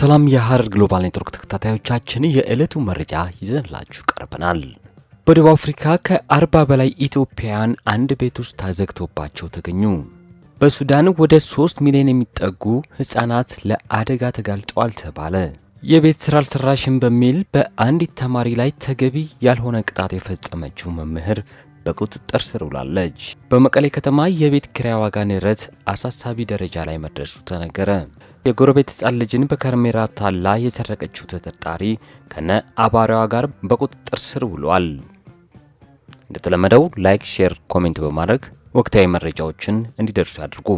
ሰላም የሐረር ግሎባል ኔትወርክ ተከታታዮቻችን የዕለቱ መረጃ ይዘንላችሁ ቀርበናል። በደቡብ አፍሪካ ከአርባ በላይ ኢትዮጵያውያን አንድ ቤት ውስጥ ተዘግቶባቸው ተገኙ። በሱዳን ወደ ሶስት ሚሊዮን የሚጠጉ ሕፃናት ለአደጋ ተጋልጠዋል ተባለ። የቤት ስራ አልሰራሽም በሚል በአንዲት ተማሪ ላይ ተገቢ ያልሆነ ቅጣት የፈጸመችው መምህር በቁጥጥር ስር ውላለች። በመቀሌ ከተማ የቤት ኪራይ ዋጋ ንረት አሳሳቢ ደረጃ ላይ መድረሱ ተነገረ። የጎረቤት ህጻን ልጅን በካሜራ ታላ የሰረቀችው ተጠርጣሪ ከነ አባሪዋ ጋር በቁጥጥር ስር ውሏል። እንደተለመደው ላይክ፣ ሼር፣ ኮሜንት በማድረግ ወቅታዊ መረጃዎችን እንዲደርሱ ያድርጉ።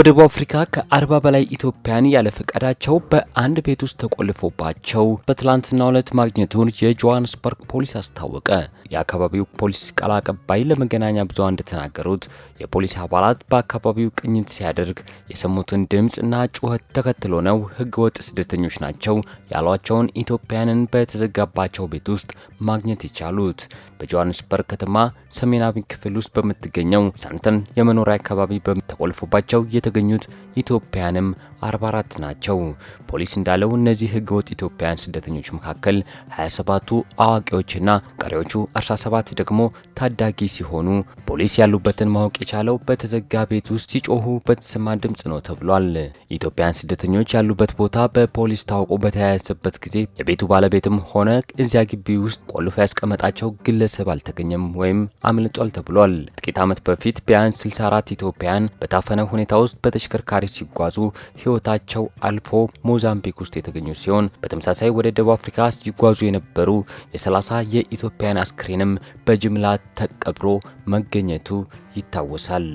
በደቡብ አፍሪካ ከአርባ በላይ ኢትዮጵያን ያለ ፈቃዳቸው በአንድ ቤት ውስጥ ተቆልፎባቸው በትላንትናው ዕለት ማግኘቱን የጆሃንስበርግ ፖሊስ አስታወቀ። የአካባቢው ፖሊስ ቃል አቀባይ ለመገናኛ ብዙሃን እንደተናገሩት የፖሊስ አባላት በአካባቢው ቅኝት ሲያደርግ የሰሙትን ድምፅና ጩኸት ተከትሎ ነው ህገወጥ ስደተኞች ናቸው ያሏቸውን ኢትዮጵያንን በተዘጋባቸው ቤት ውስጥ ማግኘት የቻሉት። በጆሃንስበርግ ከተማ ሰሜናዊ ክፍል ውስጥ በምትገኘው ሳንተን የመኖሪያ አካባቢ ተቆልፎባቸው የተገኙት ኢትዮጵያንም 44 ናቸው። ፖሊስ እንዳለው እነዚህ ህገወጥ ኢትዮጵያውያን ስደተኞች መካከል 27ቱ አዋቂዎችና ቀሪዎቹ 17 ደግሞ ታዳጊ ሲሆኑ ፖሊስ ያሉበትን ማወቅ የቻለው በተዘጋ ቤት ውስጥ ሲጮሁ በተሰማ ድምፅ ነው ተብሏል። ኢትዮጵያውያን ስደተኞች ያሉበት ቦታ በፖሊስ ታውቆ በተያያዘበት ጊዜ የቤቱ ባለቤትም ሆነ እዚያ ግቢ ውስጥ ቆልፎ ያስቀመጣቸው ግለሰብ አልተገኘም ወይም አምልጧል ተብሏል። ጥቂት ዓመት በፊት ቢያንስ 64 ኢትዮጵያውያን በታፈነ ሁኔታ ውስጥ በተሽከርካሪ ሲጓዙ ሕይወታቸው አልፎ ሞዛምቢክ ውስጥ የተገኙ ሲሆን በተመሳሳይ ወደ ደቡብ አፍሪካ ሲጓዙ የነበሩ የ30 የኢትዮጵያን አስክሬንም በጅምላ ተቀብሮ መገኘቱ ይታወሳል።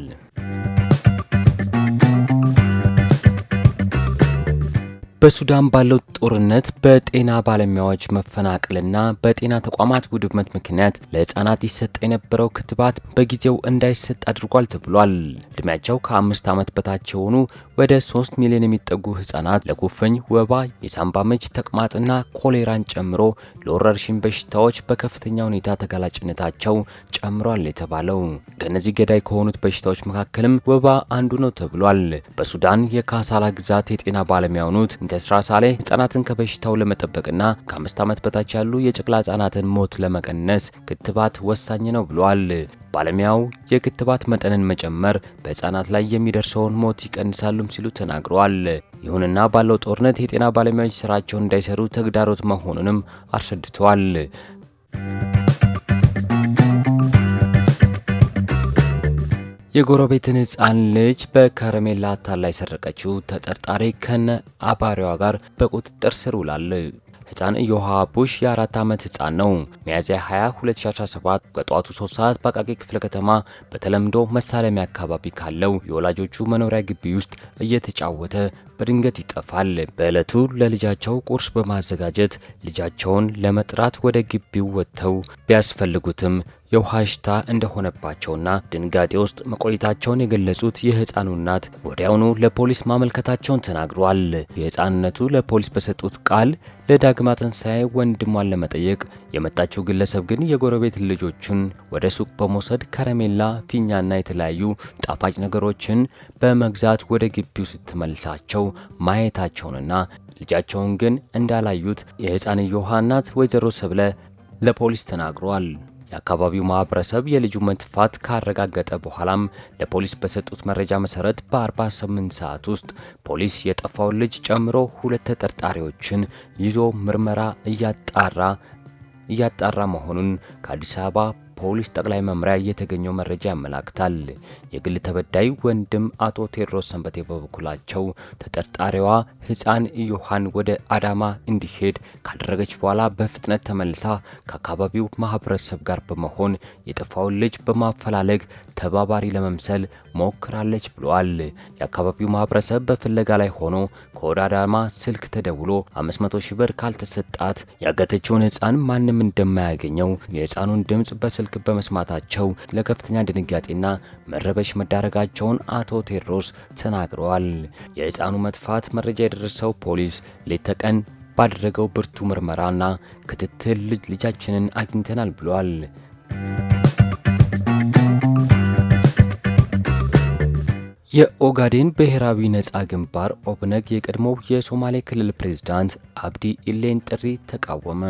በሱዳን ባለው ጦርነት በጤና ባለሙያዎች መፈናቀልና በጤና ተቋማት ውድመት ምክንያት ለህፃናት ይሰጥ የነበረው ክትባት በጊዜው እንዳይሰጥ አድርጓል ተብሏል። እድሜያቸው ከአምስት ዓመት በታች የሆኑ ወደ ሶስት ሚሊዮን የሚጠጉ ህፃናት ለኩፍኝ፣ ወባ፣ የሳምባ ምች፣ ተቅማጥና ኮሌራን ጨምሮ ለወረርሽኝ በሽታዎች በከፍተኛ ሁኔታ ተጋላጭነታቸው ጨምሯል የተባለው ከእነዚህ ገዳይ ከሆኑት በሽታዎች መካከልም ወባ አንዱ ነው ተብሏል። በሱዳን የካሳላ ግዛት የጤና ባለሙያ የሆኑት እንደ ስራሳሌ ህጻናትን ከበሽታው ለመጠበቅና ከአምስት ዓመት በታች ያሉ የጨቅላ ህጻናትን ሞት ለመቀነስ ክትባት ወሳኝ ነው ብሏል። ባለሙያው የክትባት መጠንን መጨመር በህጻናት ላይ የሚደርሰውን ሞት ይቀንሳሉም ሲሉ ተናግረዋል። ይሁንና ባለው ጦርነት የጤና ባለሙያዎች ስራቸውን እንዳይሰሩ ተግዳሮት መሆኑንም አስረድተዋል። የጎረቤትን ህፃን ልጅ በከረሜላ ታላይ ሰረቀችው ተጠርጣሪ ከነ አባሪዋ ጋር በቁጥጥር ስር ውላል። ህፃን ዮሃ ቡሽ የአራት ዓመት ሕፃን ነው። ሚያዝያ 20 2017 ከጠዋቱ 3 ሰዓት በአቃቂ ክፍለ ከተማ በተለምዶ መሳለሚያ አካባቢ ካለው የወላጆቹ መኖሪያ ግቢ ውስጥ እየተጫወተ በድንገት ይጠፋል። በዕለቱ ለልጃቸው ቁርስ በማዘጋጀት ልጃቸውን ለመጥራት ወደ ግቢው ወጥተው ቢያስፈልጉትም የውሃ ሽታ እንደሆነባቸውና ድንጋጤ ውስጥ መቆየታቸውን የገለጹት የህፃኑ እናት ወዲያውኑ ለፖሊስ ማመልከታቸውን ተናግሯል። የህፃንነቱ ለፖሊስ በሰጡት ቃል ለዳግማ ትንሣኤ ወንድሟን ለመጠየቅ የመጣችው ግለሰብ ግን የጎረቤት ልጆችን ወደ ሱቅ በመውሰድ ከረሜላ፣ ፊኛና የተለያዩ ጣፋጭ ነገሮችን በመግዛት ወደ ግቢው ስትመልሳቸው ተደፍረው ማየታቸውንና ልጃቸውን ግን እንዳላዩት የሕፃንየው እናት ወይዘሮ ሰብለ ለፖሊስ ተናግረዋል። የአካባቢው ማህበረሰብ የልጁ መጥፋት ካረጋገጠ በኋላም ለፖሊስ በሰጡት መረጃ መሰረት በ48 ሰዓት ውስጥ ፖሊስ የጠፋውን ልጅ ጨምሮ ሁለት ተጠርጣሪዎችን ይዞ ምርመራ እያጣራ እያጣራ መሆኑን ከአዲስ አበባ ፖሊስ ጠቅላይ መምሪያ የተገኘው መረጃ ያመላክታል። የግል ተበዳይ ወንድም አቶ ቴዎድሮስ ሰንበቴ በበኩላቸው ተጠርጣሪዋ ሕፃን ዮሐን ወደ አዳማ እንዲሄድ ካደረገች በኋላ በፍጥነት ተመልሳ ከአካባቢው ማህበረሰብ ጋር በመሆን የጠፋውን ልጅ በማፈላለግ ተባባሪ ለመምሰል ሞክራለች ብለዋል። የአካባቢው ማህበረሰብ በፍለጋ ላይ ሆኖ ከወደ አዳማ ስልክ ተደውሎ 500 ሺህ ብር ካልተሰጣት ያገተችውን ሕፃን ማንም እንደማያገኘው የሕፃኑን ድምፅ በስልክ ስልክ በመስማታቸው ለከፍተኛ ድንጋጤና መረበሽ መዳረጋቸውን አቶ ቴዎድሮስ ተናግረዋል። የሕፃኑ መጥፋት መረጃ የደረሰው ፖሊስ ሌት ተቀን ባደረገው ብርቱ ምርመራና ክትትል ልጅ ልጃችንን አግኝተናል ብሏል። የኦጋዴን ብሔራዊ ነፃ ግንባር ኦብነግ የቀድሞው የሶማሌ ክልል ፕሬዝዳንት አብዲ ኢሌን ጥሪ ተቃወመ።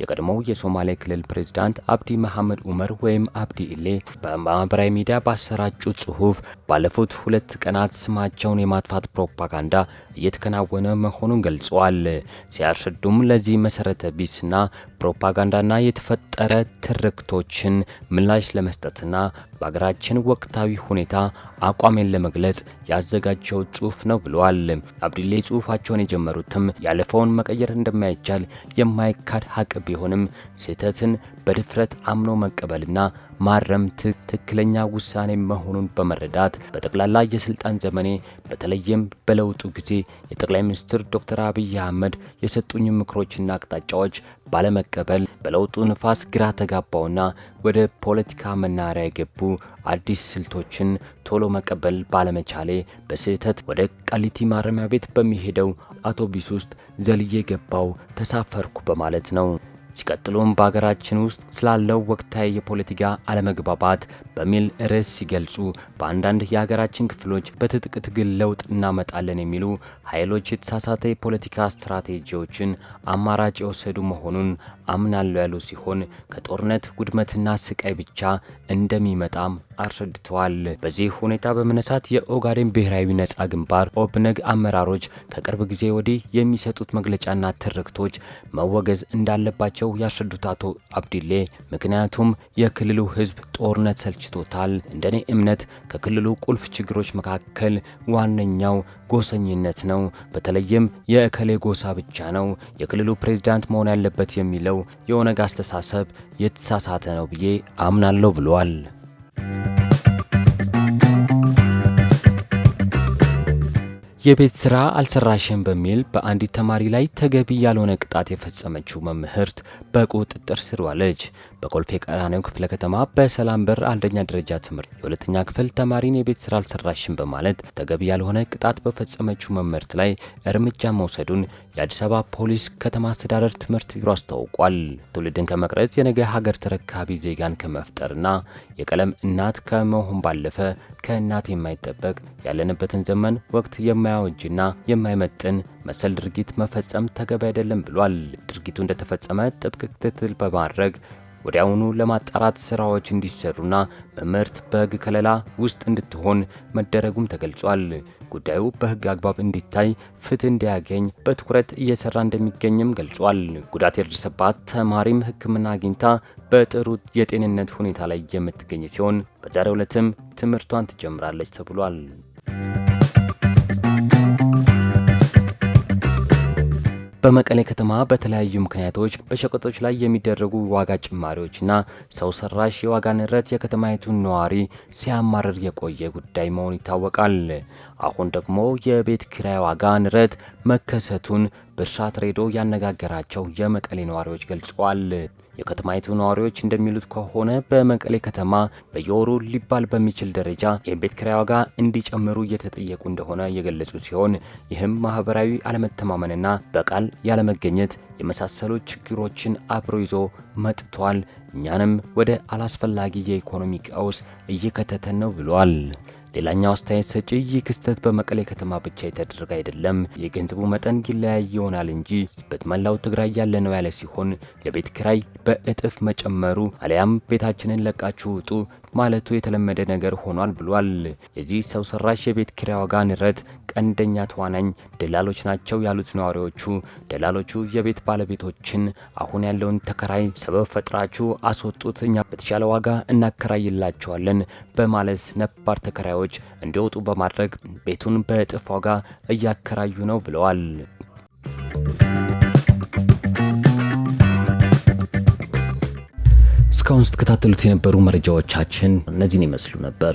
የቀድሞው የሶማሌ ክልል ፕሬዝዳንት አብዲ መሐመድ ኡመር ወይም አብዲ ኢሌ በማህበራዊ ሚዲያ ባሰራጩት ጽሁፍ ባለፉት ሁለት ቀናት ስማቸውን የማጥፋት ፕሮፓጋንዳ እየተከናወነ መሆኑን ገልጸዋል። ሲያስረዱም ለዚህ መሰረተ ቢስና ፕሮፓጋንዳና የተፈጠረ ትርክቶችን ምላሽ ለመስጠትና በሀገራችን ወቅታዊ ሁኔታ አቋሜን ለመግለጽ ያዘጋጀው ጽሁፍ ነው ብለዋል። አብዲሌ ጽሁፋቸውን የጀመሩትም ያለፈውን መቀየር እንደማይቻል የማይካድ ሀቅ ቢሆንም ስህተትን በድፍረት አምኖ መቀበልና ማረም ትክክለኛ ውሳኔ መሆኑን በመረዳት በጠቅላላ የስልጣን ዘመኔ በተለይም በለውጡ ጊዜ የጠቅላይ ሚኒስትር ዶክተር አብይ አህመድ የሰጡኝ ምክሮችና አቅጣጫዎች ባለመቀበል በለውጡ ንፋስ ግራ ተጋባውና ወደ ፖለቲካ መናሪያ የገቡ አዲስ ስልቶችን ቶሎ መቀበል ባለመቻሌ በስህተት ወደ ቃሊቲ ማረሚያ ቤት በሚሄደው አውቶቡስ ውስጥ ዘልዬ ገባው ተሳፈርኩ በማለት ነው። ሲቀጥሉም በሀገራችን ውስጥ ስላለው ወቅታዊ የፖለቲካ አለመግባባት በሚል ርዕስ ሲገልጹ በአንዳንድ የሀገራችን ክፍሎች በትጥቅ ትግል ለውጥ እናመጣለን የሚሉ ኃይሎች የተሳሳተ የፖለቲካ ስትራቴጂዎችን አማራጭ የወሰዱ መሆኑን አምናለሁ ያሉ ሲሆን ከጦርነት ውድመትና ስቃይ ብቻ እንደሚመጣም አስረድተዋል። በዚህ ሁኔታ በመነሳት የኦጋዴን ብሔራዊ ነፃ ግንባር ኦብነግ አመራሮች ከቅርብ ጊዜ ወዲህ የሚሰጡት መግለጫና ትርክቶች መወገዝ እንዳለባቸው ያስረዱት አቶ አብዲሌ ምክንያቱም የክልሉ ሕዝብ ጦርነት ሰልችቶታል። እንደኔ እምነት ከክልሉ ቁልፍ ችግሮች መካከል ዋነኛው ጎሰኝነት ነው። በተለይም የእከሌ ጎሳ ብቻ ነው የክልሉ ፕሬዝዳንት መሆን ያለበት የሚለው የኦነግ አስተሳሰብ የተሳሳተ ነው ብዬ አምናለሁ ብሏል። የቤት ስራ አልሰራሽም በሚል በአንዲት ተማሪ ላይ ተገቢ ያልሆነ ቅጣት የፈጸመችው መምህርት በቁጥጥር ስር ዋለች። በኮልፌ ቀራኒዮ ክፍለ ከተማ በሰላም በር አንደኛ ደረጃ ትምህርት የሁለተኛ ክፍል ተማሪን የቤት ስራ አልሰራሽም በማለት ተገቢ ያልሆነ ቅጣት በፈጸመችው መምህርት ላይ እርምጃ መውሰዱን የአዲስ አበባ ፖሊስ ከተማ አስተዳደር ትምህርት ቢሮ አስታውቋል። ትውልድን ከመቅረጽ የነገ ሀገር ተረካቢ ዜጋን ከመፍጠርና የቀለም እናት ከመሆን ባለፈ ከእናት የማይጠበቅ ያለንበትን ዘመን ወቅት የማያወጅና የማይመጥን መሰል ድርጊት መፈጸም ተገቢ አይደለም ብሏል። ድርጊቱ እንደተፈጸመ ጥብቅ ክትትል በማድረግ ወዲያውኑ ለማጣራት ስራዎች እንዲሰሩና መምህርት በህግ ከለላ ውስጥ እንድትሆን መደረጉም ተገልጿል። ጉዳዩ በህግ አግባብ እንዲታይ፣ ፍትህ እንዲያገኝ በትኩረት እየሰራ እንደሚገኝም ገልጿል። ጉዳት የደረሰባት ተማሪም ሕክምና አግኝታ በጥሩ የጤንነት ሁኔታ ላይ የምትገኝ ሲሆን በዛሬው ዕለትም ትምህርቷን ትጀምራለች ተብሏል። በመቀሌ ከተማ በተለያዩ ምክንያቶች በሸቀጦች ላይ የሚደረጉ ዋጋ ጭማሪዎችና ሰው ሰራሽ የዋጋ ንረት የከተማይቱን ነዋሪ ሲያማርር የቆየ ጉዳይ መሆኑ ይታወቃል። አሁን ደግሞ የቤት ኪራይ ዋጋ ንረት መከሰቱን ብርሳት ሬዲዮ ያነጋገራቸው የመቀሌ ነዋሪዎች ገልጸዋል። የከተማይቱ ነዋሪዎች እንደሚሉት ከሆነ በመቀሌ ከተማ በየወሩ ሊባል በሚችል ደረጃ የቤት ኪራይ ዋጋ እንዲጨምሩ እየተጠየቁ እንደሆነ የገለጹ ሲሆን ይህም ማህበራዊ አለመተማመንና በቃል ያለመገኘት የመሳሰሉ ችግሮችን አብሮ ይዞ መጥቷል፣ እኛንም ወደ አላስፈላጊ የኢኮኖሚ ቀውስ እየከተተን ነው ብሏል። ሌላኛው አስተያየት ሰጪ ይህ ክስተት በመቀሌ ከተማ ብቻ የተደረገ አይደለም፣ የገንዘቡ መጠን ይለያይ ይሆናል እንጂ በመላው ትግራይ ያለ ነው ያለ ሲሆን የቤት ክራይ በእጥፍ መጨመሩ አሊያም ቤታችንን ለቃችሁ ውጡ ማለቱ የተለመደ ነገር ሆኗል ብሏል። የዚህ ሰው ሰራሽ የቤት ኪራይ ዋጋ ንረት ቀንደኛ ተዋናኝ ደላሎች ናቸው ያሉት ነዋሪዎቹ፣ ደላሎቹ የቤት ባለቤቶችን አሁን ያለውን ተከራይ ሰበብ ፈጥራችሁ አስወጡት፣ እኛ በተሻለ ዋጋ እናከራይላቸዋለን በማለት ነባር ተከራዮች እንዲወጡ በማድረግ ቤቱን በእጥፍ ዋጋ እያከራዩ ነው ብለዋል። እስካሁን ስትከታተሉት የነበሩ መረጃዎቻችን እነዚህን ይመስሉ ነበር።